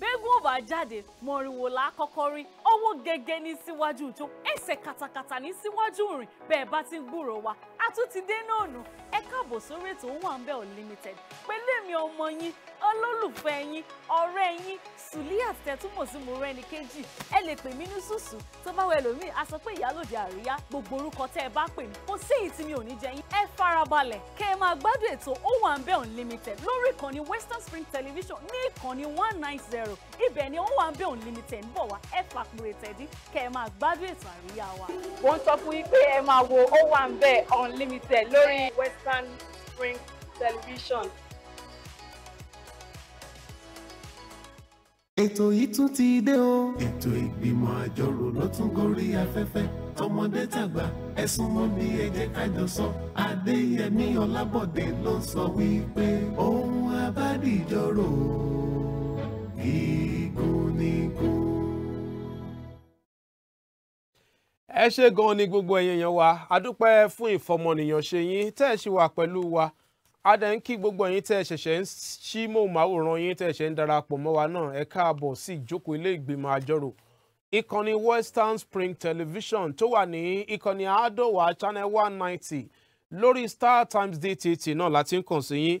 bẹ́gùn ọba jáde mọ̀rìnwó la kọ́kọ́ rí owó gẹ́gẹ́ ní síwájú tó ẹsẹ̀ katakata ní síwájú rìn bẹ́ẹ̀ bá ti ń wa a tún ti dé náà nù ẹ káàbọ̀ sórí ètò Owónbẹ̀ Unlimited pẹ̀lú èmi ọmọ yín olólùfẹ́ yín ọ̀rẹ́ yín Suliat tẹ́túmọ̀ sí mo rẹ́ni kejì ẹ lè pè mí ní sùsù tó bá wẹ lómi a sọ pé ìyálòdì àríyá gbogbo orúkọ tẹ́ ẹ bá pè mí kò sí èyí tí mi ò ní jẹ yín ẹ farabalẹ̀ kẹ́ ẹ máa gbádùn ètò Owónbẹ̀ Unlimited lórí ìkànnì Western Spring Television ní ìkànnì one nine zero ibẹ̀ ni Owónbẹ̀ Unlimited ń bọ̀ wá ẹ fàpùrẹ̀tẹ̀dí kẹ́ ẹ máa gbádùn wa. wọ́n sọ fún yín pé ẹ Unlimited lórí Western Spring Television. ètò yìí tún ti dé o. ètò ìgbìmọ̀ àjọrò ló tún gorí afẹ́fẹ́ tọmọdé tàgbà ẹ mọ́ mi ẹ jẹ́ sọ adéyẹmí ọlábọ̀dé ló sọ wípé ohun abádìjọ́rò kìí. ẹ ṣe gan ni gbogbo ẹ̀yin èèyàn wa adúpẹ́ fún ìfọmọnìyàn ṣe yín tẹ́ ẹ ṣì wà pẹ̀lú wa adẹ̀ ń kí gbogbo ẹ̀yin tẹ́ ẹ ṣẹ̀ṣẹ̀ ń ṣí mòmáwòrán yín tẹ́ ẹ ṣẹ̀ ń darapọ̀ mọ́ wa náà ẹ káàbọ̀ sí ìjókòó ilé ìgbìmọ̀ àjọrò ìkànnì Western Spring Television tó wà ní ìkànnì àádọ́wà channel one ninety lórí Star Times DTT náà láti ń kàn sí yín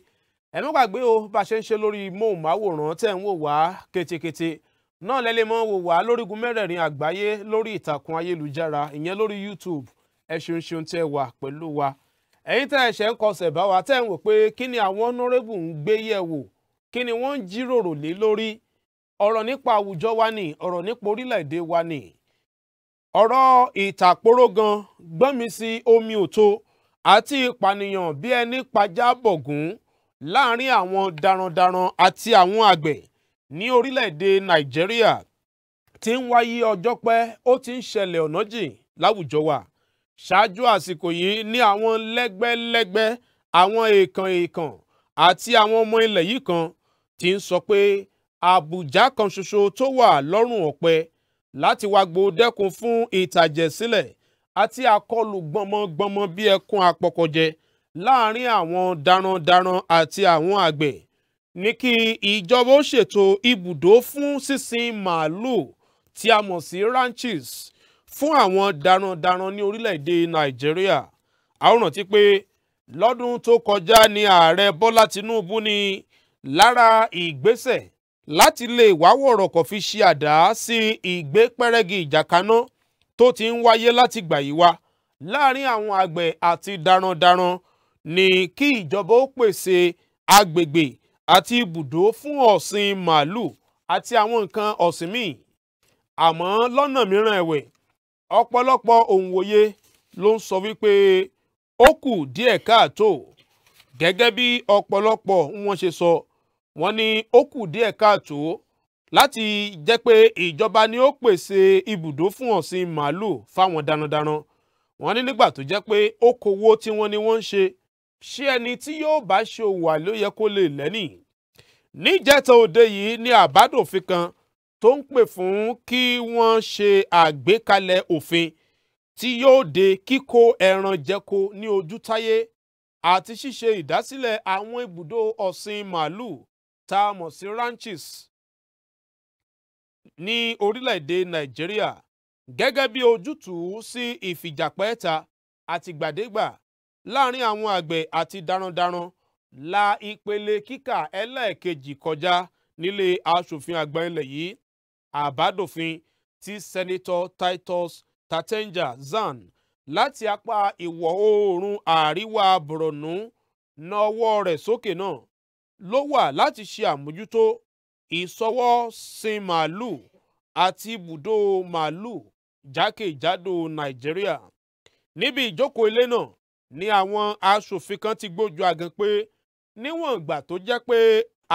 ẹ má o bá a ṣe ń ṣe lórí mòmáwòrán tẹ́ ẹ ń wò wá ketekete. Kete náà lẹ́lẹ́ mọ́ wò wá lórígun mẹ́rẹ̀ẹ̀rin àgbáyé lórí ìtàkùn ayélujára ìyẹn lórí YouTube ẹ ṣeun ṣeun tẹ́ wà pẹ̀lú wa ẹ̀yin tẹ́ ẹ ṣẹ̀ ń kọsẹ̀ bá wa tẹ́ ń wò pé kí ni àwọn honorable ń gbé yẹ̀ wò kí ni wọ́n ń jíròrò lé lórí ọ̀rọ̀ nípa àwùjọ wa ni ọ̀rọ̀ nípa orílẹ̀-èdè wa ni ọ̀rọ̀ ìtàkpóró gan gbọ́nmi sí omi òtó àti ìpànìyàn bí ẹni pajá bọ̀gùn láàrin àwọn darandaran àti àwọn àgbẹ̀ ní orílẹ̀-èdè nàìjíríà ti ń wáyé ọjọ́ pẹ́ ó ti ń ṣẹlẹ̀ ọ̀nà jìn láwùjọ wa ṣáájú àsìkò yìí ní àwọn lẹ́gbẹ́lẹ́gbẹ́ àwọn èèkàn èèkàn àti àwọn ọmọ ilẹ̀ yìí kan ti ń sọ pé àbùjá kan ṣoṣo tó wà lọ́rùn ọ̀pẹ láti wá gbo dẹ́kun fún ìtàjẹ̀sílẹ̀ àti àkọlù gbọmọgbọmọ bí ẹkún apọkọjẹ láàrin àwọn darandaran àti àwọn àgbẹ̀ ní kí ìjọba ó ṣètò ibùdó fún sísin màálùú tí a mọ̀ sí ranches fún àwọn darandaran ní orílẹ̀-èdè nàìjíríà a ó rántí pé lọ́dún tó kọjá ni ààrẹ bọ́lá tinúbú ní lára ìgbésẹ̀ láti lè wá wọ̀rọ̀kọ̀ fi ṣe àdá sí ìgbé pẹ́rẹ́gì ìjàkaná tó ti ń wáyé láti gbà yí wá láàrin àwọn àgbẹ̀ àti darandaran ni kí ìjọba ó pèsè agbègbè àti ibùdó fún ọ̀sìn màálù àti àwọn nǹkan ọ̀sìn míì àmọ́ lọ́nà mìíràn ẹ̀wẹ̀ ọ̀pọ̀lọpọ̀ òǹwòye ló ń sọ wípé ó kù díẹ̀ káàtó gẹ́gẹ́ bí ọ̀pọ̀lọpọ̀ wọn ṣe sọ wọ́n ní ó kù díẹ̀ káàtó láti jẹ́ pé ìjọba ni ó pèsè ibùdó fún ọ̀sìn màálù fáwọn darandaran wọ́n ní nígbà tó jẹ́ pé okòwò tí wọ́n ní wọ́n ń ṣe ṣé ẹni tí yóò bá ṣe òwò àìló yẹ kó lè lẹ́nì. níjẹta òde yìí ni àbádòfin kan tó ń pè fún kí wọ́n ṣe àgbékalẹ̀ òfin tí yóò de kíkó ẹran jẹko ní ojú táyé àti ṣíṣe ìdásílẹ̀ àwọn ibùdó ọ̀sìn màálùú tá a mọ̀ sí ranches ní orílẹ̀-èdè nàìjíríà gẹ́gẹ́ bí ojútùú sí ìfìjàpẹ́ta àtìgbàdégbà láàrin àwọn àgbẹ̀ àti darandaran la ìpele kíkà ẹlẹ́ẹ̀kejì kọjá nílé asòfin àgbà ilẹ̀ yìí àbádòfin tí senator Titus Tatenja Zan láti apá ìwọ̀ oòrùn àríwá Borno nawọ́ rẹ̀ sókè náà ló wà láti ṣe àmójútó ìsọwọ́ sin màálù àti ibùdó màálù jákèjádò Nàìjíríà níbi ìjókòó ilé náà ni àwọn aṣòfin kan ti gbójú àgàn pé níwọ̀n ìgbà tó jẹ́ pé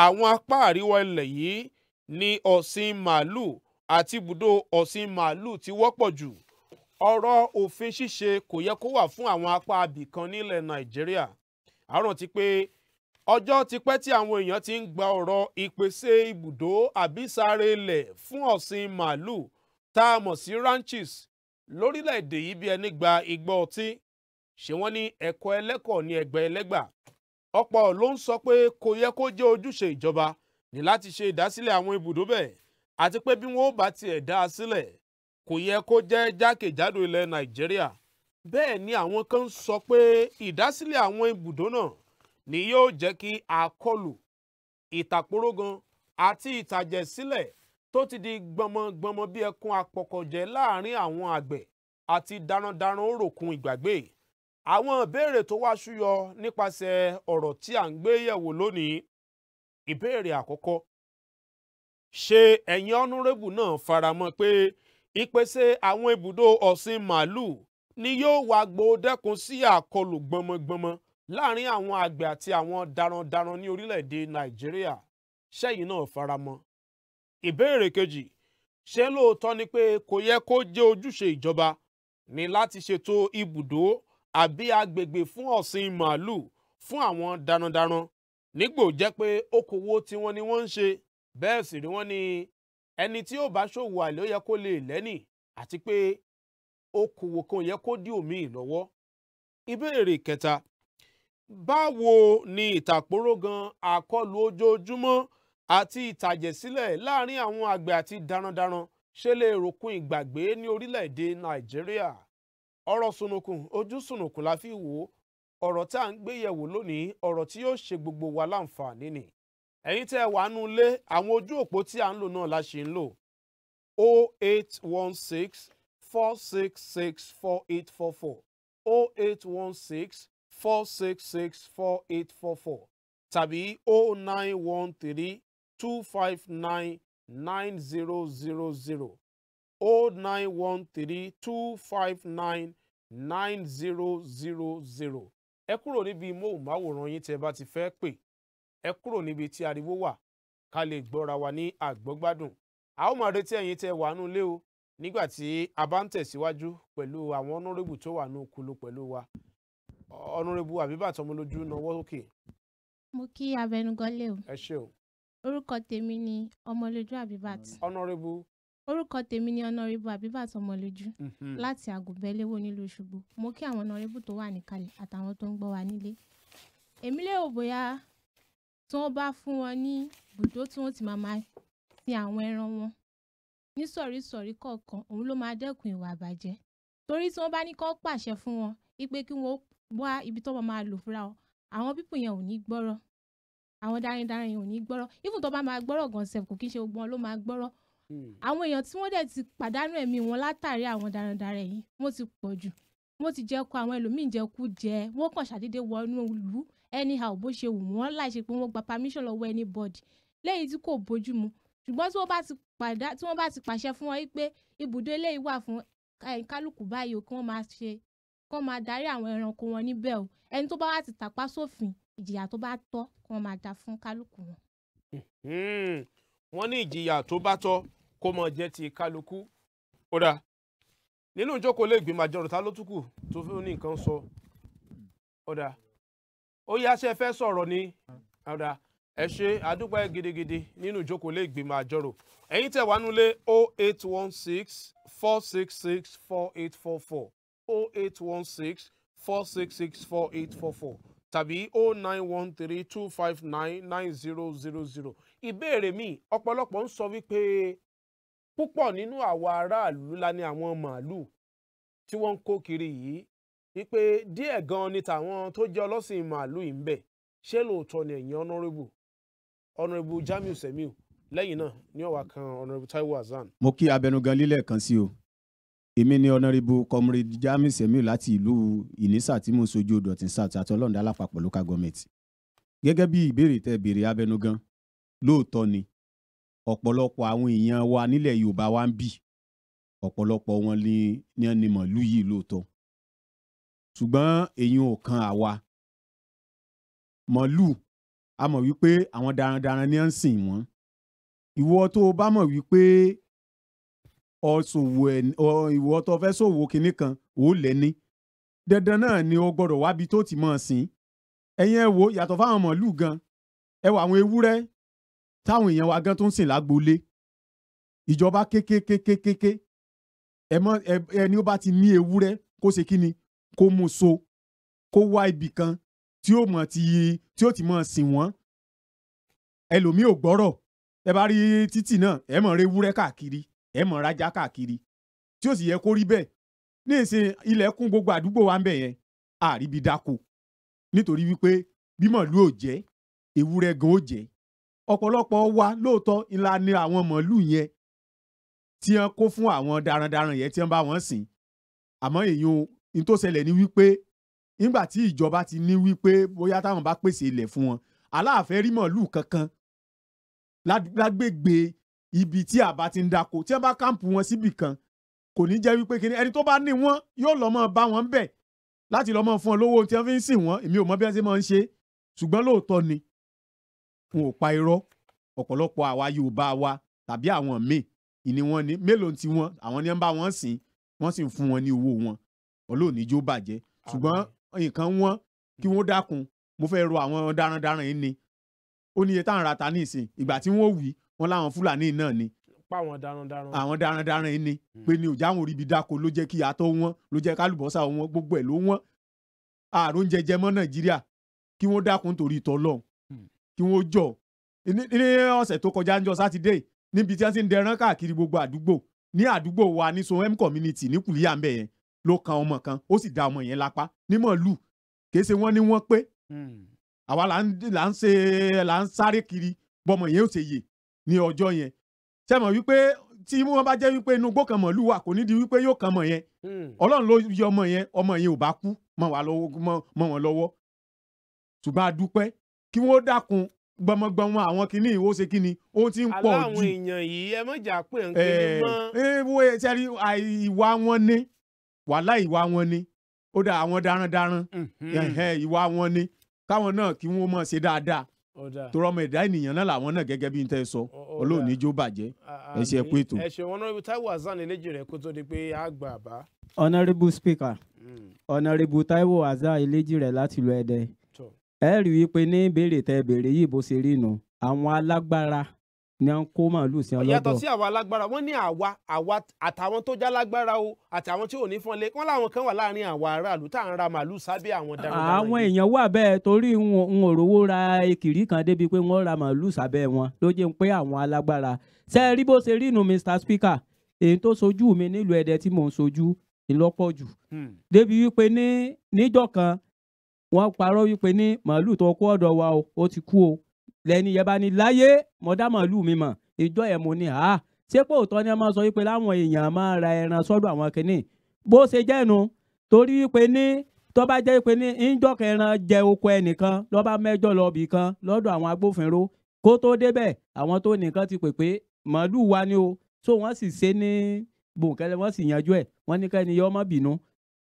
àwọn apá àríwá ilẹ̀ yìí ni ọ̀sìn màálùú àti ibùdó ọ̀sìn màálùú ti wọ́pọ̀ jù ọ̀rọ̀ òfin ṣíṣe kò yẹ kó wà fún àwọn apá abìkan nílẹ̀ nàìjíríà àárọ̀ ti pé ọjọ́ ti pẹ́ tí àwọn èèyàn ti ń gba ọ̀rọ̀ ìpèsè ibùdó àbísàrè ilẹ̀ fún ọ̀sìn màálùú tá a mọ̀ sí ranches lórílẹ̀‐èdè yìí bí ẹni gba igbó ọtí ṣé wọ́n ní ẹ̀kọ́ ẹlẹ́kọ̀ ní ẹgbẹ́ ẹlẹ́gbà ọ̀pọ̀ ló ń sọ pé kò yẹ kó jẹ́ ojúṣe ìjọba ní láti ṣe ìdásílẹ̀ àwọn ibùdó bẹ́ẹ̀ àti pé bí wọ́n bá tiẹ̀ dá a sílẹ̀ kò yẹ kó jẹ́ jákèjádò ilẹ̀ Nàìjíríà bẹ́ẹ̀ ni àwọn kan ń sọ pé ìdásílẹ̀ àwọn ibùdó náà ni yóò jẹ́ kí àkọlù ìtàkórógan àti ìtàjẹ̀sílẹ̀ tó ti di gbọmọgbọmọ bí ẹkùn apọ̀kọ̀jẹ́ láàrin àwọn àgbẹ̀ àti darandaran oròkun ìgbàgbé àwọn ìbéèrè tó wá ṣúyọ nípasẹ̀ ọ̀rọ̀ tí à ń gbé yẹ̀wò lónìí ìbéèrè àkọ́kọ́ ṣé ẹ̀yin ọ̀nùrẹ́bù náà faramọ́ pé ìpèsè àwọn ibùdó ọ̀sìn màálùú ni yóò wá gbo dẹ́kun sí àkọlù gbọmọgbọmọ láàrin àwọn àgbẹ̀ àti àwọn darandaran ní orílẹ̀-èdè nàìjíríà ṣẹ́yìn náà faramọ́ ìbéèrè kejì ṣé lóòótọ́ ni pé kò yẹ kó jẹ́ ojúṣe ìjọba ni láti ṣètò ibùdó àbí agbègbè fún ọ̀sìn màálù fún àwọn darandaran nígbò jẹ́ pé okòwò tí wọ́n ní wọ́n ń ṣe bẹ́ẹ̀ sì ni wọ́n ní ẹni tí ó bá ṣòwò àlè ó yẹ kó lè lẹ́nì àti pé okòwò kan yẹ kó dí omi lọ́wọ́. ìbéèrè kẹta báwo ni ìtàpórógan àkọlù ojoojúmọ́ àti ìtàjẹ̀sílẹ̀ láàrin àwọn àgbẹ̀ àti darandaran ṣe lè ròkun ìgbàgbé ní orílẹ̀-èdè nàìjíríà ọ̀rọ̀ sùnùkùn ojú sùnùkùn la fi wò ó ọ̀rọ̀ tá à ń gbé yẹ̀wò lónìí ọ̀rọ̀ tí yóò ṣe gbogbo wa láǹfààní ni ẹ̀yin tẹ́ ẹ wà nú ilé àwọn ojú òpó tí à ń lò náà la ṣì ń lò 0816 466 4844 0816 466 4844 tàbí 0913 259 9000 0913 259 9000 ẹ kúrò níbi móhùnmáwòrán yín tí ẹ bá ti fẹ́ pè ẹ kúrò níbi tí ariwo wà ká lè gbọ́ra wa ní àgbọ́gbádùn a ó máa retí ẹ̀yin tẹ́ wà nú ilé o nígbà tí a bá ń tẹ̀síwájú pẹ̀lú àwọn ọ̀nàrẹ́bù tó wà nú kulu pẹ̀lú wa ọ̀nàrẹ́bù àbíbà tọmọlójú náwó òkè. mo kí abẹnugọlé o. ẹ ṣé o. orúkọ tèmi ni ọmọlójú àbíbà. ọ̀nàrẹ́bù orúkọ tèmi ni ọ̀nàrẹ́bù àbíbàtà ọmọlójú mhm. láti àgùnbẹ́lẹ́wò nílùú Òṣogbo mo kí àwọn ọ̀nàrẹ́bù tó wà níkàlẹ̀ àtàwọn tó ń gbọ́ wa nílé èmi lérò bóyá tí wọ́n bá fún wọn ní ibùdó tí wọ́n ti máa máa sin àwọn ẹran wọn ní sọ̀rísọ̀rí kọ̀ọ̀kan òun ló máa dẹ́kun ìwà àbàjẹ́ torí tí wọ́n bá ní kó pàṣẹ fún wọn ipe kí wọ́n wá ibi tó máa lò fúnra wọn àwọn pípò yẹn ò ní gbọ́rọ̀ àwọn darandaran yẹn ò ní gbọ́rọ̀ even bá máa gbọ́rọ̀ gan-an sef kò kí ń ṣe gbogbo ló máa gbọ́rọ̀ Hmm. àwọn èèyàn tí wọ́n dẹ̀ ti pàdánù ẹ̀mí wọn látàrí àwọn darandaran yìí wọ́n ti pọ̀ jù wọ́n ti jẹ́ kó àwọn ẹlòmíín jẹ́ kú jẹ́ wọ́n kàn ṣàdédé wọnú ìlú anyhow bó ṣe wù wọ́n láìṣe pé wọ́n gba permission lọ́wọ́ anybody lẹ́yìn tí kò bójú mu ṣùgbọ́n tí wọ́n bá ti pàdá tí wọ́n bá ti pàṣẹ fún wọn pé ibùdó eléyìí wà fún kálukú báyìí o kí wọ́n máa ṣe kí wọ́n máa darí àwọn ẹranko wọn níbẹ̀ o ẹni tó bá wá ti tàpá sófin ìjìyà tó bá tọ́ kí wọ́n máa dá fún kálukú wọn. Hmm. wọ́n ní ìjìyà tó bá tọ́ kó mọ jẹ́ ti kálukú ó dáa nínú ìjókòó lè gbìmọ̀ àjọrò ta ló tún kù tó fún ní nǹkan sọ ó dáa ó yá ṣe fẹ́ sọ̀rọ̀ ni ó dáa ẹ ṣe àdúpẹ́ gidigidi nínú ìjókòó lè gbìmọ̀ àjọrò ẹ̀yin tẹ̀ wá nulẹ̀ o oh eight one six four six tàbí oh o ìbéèrè mi ọ̀pọ̀lọpọ̀ ń sọ wípé púpọ̀ nínú àwọn aráàlú la ní àwọn màálù tí wọ́n ń kó kiri yìí wípé díẹ̀ gan ni tàwọn tó jẹ́ ọlọ́sìn màálù yìí ń bẹ ṣé lóòótọ́ ni ẹ̀yin ọ̀nàrẹ́bù ọ̀nàrẹ́bù Jamiu Semiu lẹ́yìn náà ní ọ̀wà kan ọ̀nàrẹ́bù Taiwo Hasan. mo kí abẹnugan lílẹ̀ kan sí o èmi ni ọ̀nàrẹ́bù comrade Jamiu Semiu láti ìlú Ìnísà tí mo sojú dọ̀tín south àti ọlọ́ọ̀dà alápapọ̀ local government gẹ́gẹ́ bí ìbéèrè tẹ́ béèrè abẹnugan lóòótọ́ ni ọ̀pọ̀lọpọ̀ àwọn èèyàn wa nílẹ̀ Yorùbá wa ń bì ọ̀pọ̀lọpọ̀ wọn ni wọ́n ni mọ̀lú yìí lóòótọ́ ṣùgbọ́n èyí ò kan àwa mọ̀lú a mọ̀ wípé àwọn darandaran ni wọ́n ń sìn wọ́n ìwọ tó o bá mọ̀ wípé ìwọ tó fẹ́ ṣòwò kinní kan ò lẹ́ni dandan náà ni o gbọ́dọ̀ wábi tó ti mọ̀ sìn ẹ̀yin ẹ̀ wo yàtọ̀ fáwọn mọ̀lú gan ẹ wà àwọn ewúrẹ́ táwọn èèyàn wa gan tó ń sìn lágboolé ìjọba kékékékékéké ẹ mọ ẹni ó bá ti ní ewúrẹ́ kó ṣe kíni kó mú so kó wá ibì kan tí ó mọ̀ ti tí ó ti mọ̀ sìn wọ́n ẹlòmíì ò gbọ́rọ̀ ẹ bá rí títì náà ẹ mọ̀ rewúrẹ́ káàkiri ẹ mọ̀ rájá káàkiri tí ó sì yẹ kó rí bẹ́ẹ̀ ní ìsìn ilẹ̀kùn gbogbo àdúgbò wa ń bẹ̀ yẹn àríbi dáko nítorí wípé bímọ̀lú ò jẹ́ ewúrẹ́ gan ó jẹ́ ọ̀pọ̀lọpọ̀ wa lóòótọ́ ńlá ni àwọn mọ̀lúù yẹn tí wọ́n kó fún àwọn darandaran yẹn tí wọ́n bá wọn sìn àmọ́ èèyàn ní tó ṣẹlẹ̀ ni wípé nígbà tí ìjọba ti ní wípé bóyá táwọn bá pèsè ilẹ̀ fún wọn aláàfẹ́ rí mọ̀lúù kankan lágbègbè ibi tí àbá ti ń dáko tí wọ́n bá káàmpù wọn síbì kan kò ní jẹ́ wípé kíní ẹni tó bá ní wọn yóò lọ́ mọ́ bá wọn bẹ̀ láti lọ́ mọ́ fún wọn lówó tí wọ́n fi ń sìn wọn èmi ò mọ bí wọ́n ṣe máa ń ṣe ṣùgbọ́n lóòótọ́ ni wọn ò pa irọ́ ọ̀pọ̀lọpọ̀ àwa Yorùbá wa tàbí àwọn míì ìní wọn ni mélòó ti wọn àwọn ni ń bá wọn sìn wọ́n sì ń fún wọn ní owó wọn olóòní jó bàjẹ́ ṣùgbọ́n nǹkan wọn kí wọ́n dákun mo fẹ́ rọ àwọn darandaran yìí ni ó ní iye táwọn ra ta ní ìsìn ìgbà tí wọ́n wí wọn láwọn Fúlàní náà ni pa àwọn darandaran. àwọn darandaran yìí ni hmm. pé ní òjá àwọn oríbi dáko ló jẹ́ kí atọ́ wọn ló jẹ́ kálùbọ́sà wọn gbogbo ẹ̀ ló wọ́n ààrùn jẹjẹ mọ́ Nàìjíríà kí wọ́n dákun torí tọ́lọ́hún kí wọ́n jọ ní ọ̀sẹ̀ tó kọjá ńjọ́ sátidé níbi tí wọ́n ti ń dẹran káàkiri gbogbo àdúgbò ní àdúgbò wa ní Sohem community ní kùlíyà ń bẹ̀ yẹn ló kan ọmọ kan ó sì da ọmọ yẹn lápá nímọ̀ lù kì í ṣe wọ́n ní wọ́n pé hmm. àwa là ń ṣe là ń sáré kiri bọ́mọ yẹn ó ṣe yè ní ọjọ́ yẹn sẹ́mọ̀ wípé tí wọ́n bá jẹ́ wípé inú gbọ́kàn mọ̀lú wà kò nídìí wípé yóò kan mọ̀ yẹn hmm. ọlọ́run ló yọ ọmọ yẹn ọmọ yẹn ò bá kú mọ̀ wọ́n lọ́wọ́ ṣùgbọ́n a dúpẹ́ kí wọ́n dákun gbọmọgbọmọ àwọn kìíní ìwọ ṣe kíni ó ti ń pọ̀ jù. aláwọn èèyàn yìí ẹ mọ̀jà pé ń kiri mọ́. ẹ ẹ wo sẹ́rí ìwà wọn ni wàhálà ìwà wọn ni ó dà àwọn darandaran mhm. ìwà wọn ni káwọn náà kí wọ́n mọ̀ ṣe dáadáa torọ ọmọ ẹ̀dá ènìyàn náà làwọn náà gẹ́gẹ́ bí n tẹ́ sọ olóòní jó bàjẹ́ ẹ ṣe pé tó. ẹ ṣe wọn náà Táíwò Hasan eléjì rẹ kó tó di pé a gbà bá. honourable speaker mm. honourable Táíwò Hasan eléjì rẹ láti lu ẹdẹ ẹ rí i pé ní béèrè tẹ béèrè yìí bó ṣe rí nu àwọn alágbára ni à ń kó màálù sí ọlọ́dọ̀. yàtọ̀ sí àwa alágbára wọ́n ní àwa àwa àtàwọn tó já lágbára o àtàwọn tí ò ní fọ́nlé wọ́n láwọn kan wà láàrin àwa aráàlú tá à ń ra màálù sábẹ́ àwọn darandaran yìí. àwọn èèyàn wà bẹ́ẹ̀ torí n ò rówó ra ekiri kan débi pé wọ́n ra màálù sábẹ́ wọn ló jẹ́ pé àwọn alágbára ṣe rí bó ṣe rí nu Mr. Speaker èyí tó sojú mi nílùú Ẹdẹ tí mò ń sojú ìlọ́pọ̀ hmm. débi wípé ní níjọ́ kan wọ́n parọ́ wípé ní màálù tó kó ọ̀dọ̀ wa o ó ti kú o lẹ́ni yẹn bá ní láyé mo dá màálù mi mọ̀ ìjọ yẹn mo ní à ṣé pé òótọ́ ni a máa sọ wípé láwọn èèyàn máa ra ẹran sọ́dọ̀ àwọn kìnnì bó ṣe jẹ́ nu torí wípé ní tó bá jẹ́ pé ní ìjọ kẹran jẹ oko ẹnìkan ló bá mẹ́jọ lọ bì kan lọ́dọ̀ àwọn agbófinró kó tó débẹ̀ àwọn tó nìkan ti pè pé màálù wa ni o so wọ́n sì ṣe ní bòńkẹ́lẹ́ wọ́n sì yanjú ẹ̀ wọ́n ní kẹ́ni yọ ọmọ bínú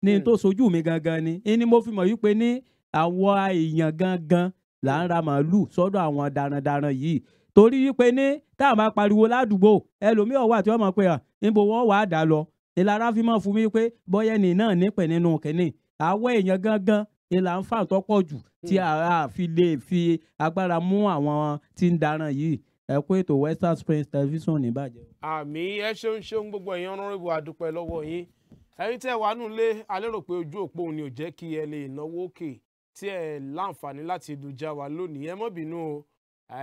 ní hmm. tó sojú mi gangan ni ní mo fi mọ̀ yí pé ní àwọn èèyàn gangan là ń ra màálù sọ́dọ̀ àwọn darandaran yìí torí wípé ní táwọn bá pariwo ládùúgbò ẹlòmíràn wà tí wọ́n mọ̀ pé hàn níbo wọ́n wà á dà lọ ìlara fi mọ̀ fún mi pé bọ́yẹ̀nì náà nípẹ̀ nínú kínní àwọn èèyàn gangan ìlà ń fà tọ́pọ̀ jù tí hmm. a fi lè fi agbára mú àwọn tí ń daran yìí ẹ kú ètò Western Springs Television níbàjẹ́. àmì ẹ ṣeun ṣeun gbogbo èèyàn ọ̀rọ̀ ìbò àdúpẹ́ lọ́wọ́ yín ẹ̀yin tẹ́ wà nùlé alérò pé ojú òpó òun ni ò jẹ́ kí ẹ lè náwó òkè tí ẹ láǹfààní láti dùjà wá lónìí ẹ má bínú o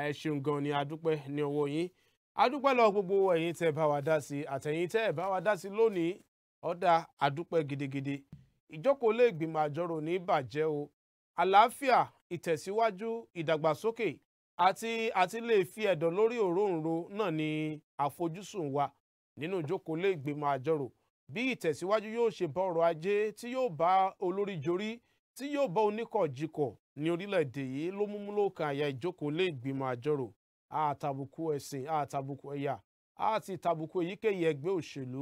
ẹ ṣeun gan ni adúpẹ́ ní ọwọ́ yín adúpẹ́ lọ gbogbo ẹ̀yin tẹ́ bá wa dá sí àtẹ̀yin tẹ́ bá wa dá sí lónìí ọ̀dà adúpẹ́ gidigidi ìjókòó lè gbìmọ̀ àjọrò ní bàjẹ́ o àlàáfíà ìtẹ̀síwájú ìdàgbàsókè àti àti lè fi ẹ̀dọ̀ lórí òróǹro náà ni àfojúsùn wa nínú ìjókòó lè gbìmọ̀ àjọrò bí ìtẹ̀síwájú yóò ṣe bá ọrọ̀ ajé tí yóò bá olórí jorí tí yóò bá oníkọ̀jikọ̀ ní orílẹ̀-èdè yìí ló mú múlòkà àyà ìjókòó lé ìgbìmọ̀ àjọrò àtàbùkù ẹ̀sìn àtàbùkù ẹ̀yà àti ìtàbùkù èyíkéyìí ẹgbẹ́ òṣèlú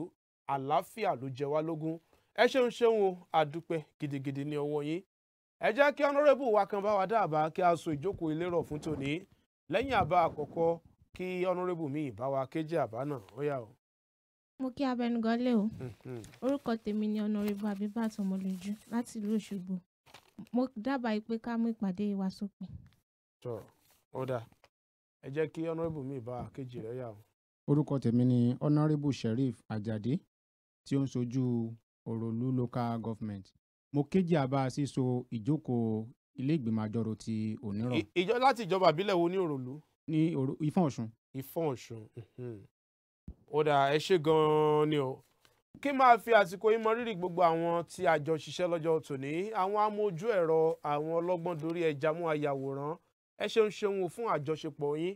àlàáfíà ló jẹ wá lógún ẹ ṣeun ṣeun o àdúpẹ́ gidigidi ní ọwọ́ yín ẹ jẹ́ kí ọ̀nọ́rẹ́bù wa kan bá wa dáàbá kí a so ìjókòó ilérọ̀ fún tòní lẹ́yìn àbá àkọ́kọ́ kí ọ̀nọ́rẹ́bù míì bá wa kéjì àbá náà ó yá o. Mo kí Abẹnugọlé o. Hmm, hmm. Orúkọ tèmi ni Honorable Abibat Ọmọlójú láti ìlú Òṣogbo. Mo dábàá pé ká mú ìpàdé wa sópin. Tọ́, ó dáa. Ẹ jẹ́ kí Honorable mi bá kejì rẹ̀ yà o. Orúkọ tèmi ni Honorable Sheriff Ajadi tí ó ń sojú Òròlú Local Government. Mo kéjì àbá síso ìjókòó ilé ìgbìmọ̀ àjọrò ti onírọ̀. Ìjọ láti ìjọba ìbílẹ̀ wo ní Òròlú? Ní Ìfọ̀n Ọ̀ṣun. Ìfọ̀n Ọ̀ṣun. Hmm, ó dà ẹ ṣe gan-an ni o kí máa fi àsìkò yìí mọ rírì gbogbo àwọn tí a jọ ṣiṣẹ́ lọ́jọ́ tòní àwọn amójú ẹ̀rọ àwọn ọlọ́gbọ́n dorí ẹja mú ayàwòrán ẹ ṣeun ṣeun fún àjọṣepọ̀ yín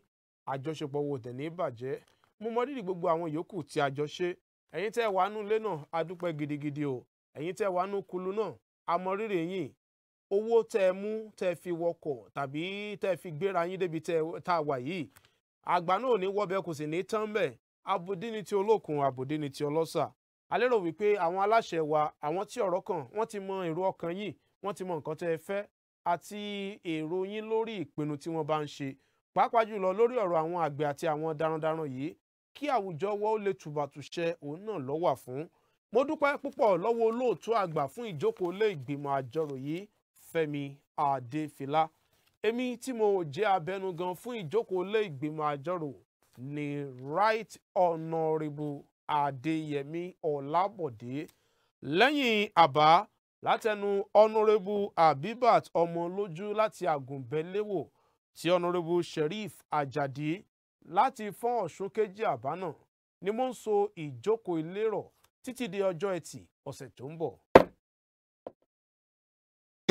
àjọṣepọ̀ wo tẹ̀ ní bàjẹ́ mo mọ rírì gbogbo àwọn yòókù tí a jọ ṣe ẹ̀yin tẹ́ wà nú ilé náà a dúpẹ́ gidigidi o ẹ̀yin tẹ́ wà nú kulu náà a mọ rírì yín owó tẹ́ ẹ mú tẹ́ ẹ fi wọkọ̀ tàbí tẹ́ ẹ fi gbéra yín débi tá a wà yìí àgbà náà ò ní wọ́bẹ̀ kò sì ní tán bẹ́ẹ̀ abòdí ni ti olókun abòdí ni ti ọlọ́sà a lérò wípé àwọn aláṣẹ wa àwọn tí ọ̀rọ̀ kàn wọ́n ti mọ èrò ọkàn yín wọ́n ti mọ nǹkan tẹ́ ẹ fẹ́ àti èrò yín lórí ìpinnu tí wọ́n bá ń ṣe pàápàá jùlọ lórí ọ̀rọ̀ àwọn àgbẹ̀ àti àwọn darandaran yìí kí àwùjọ wọ́n ó lè tùbàtùṣẹ òun náà lọ́wà fún mo dúpẹ́ púpọ̀ lọ́wọ́ olóòtú àgbà fún ìjókòó lé ìgbìmọ̀ àjọrò yìí Fẹ́mi Adéfìlá èmi tí mo jẹ́ abẹnugan fún ìjókòó lé ìgbìmọ̀ àjọrò ni right honourable adéyẹmí Olabode lẹ́yìn àbá látẹnu honourable abibat ọmọlójú láti àgùnbẹ́lẹ́wò tí honourable sheriff ajadi láti fọ́n ọ̀ṣun kejì àbá náà ni mo ń so ìjókòó ilérò títí di ọjọ́ ẹtì ọ̀sẹ̀ tó ń bọ̀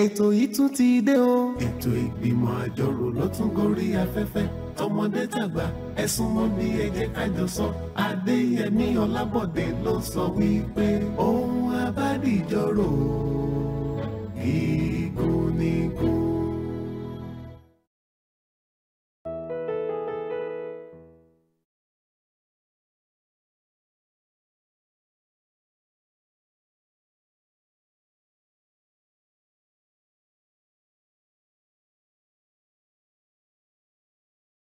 ètò yìí tún ti dé o. ètò ìgbìmọ̀ àjọrò ló tún gorí afẹ́fẹ́ tọmọdé tàgbà ẹ sún mọ́ bí ẹ jẹ́ sọ adéyẹmí ọlábọ̀dé ló sọ wípé ohun abádìjọ́rò gígùn ni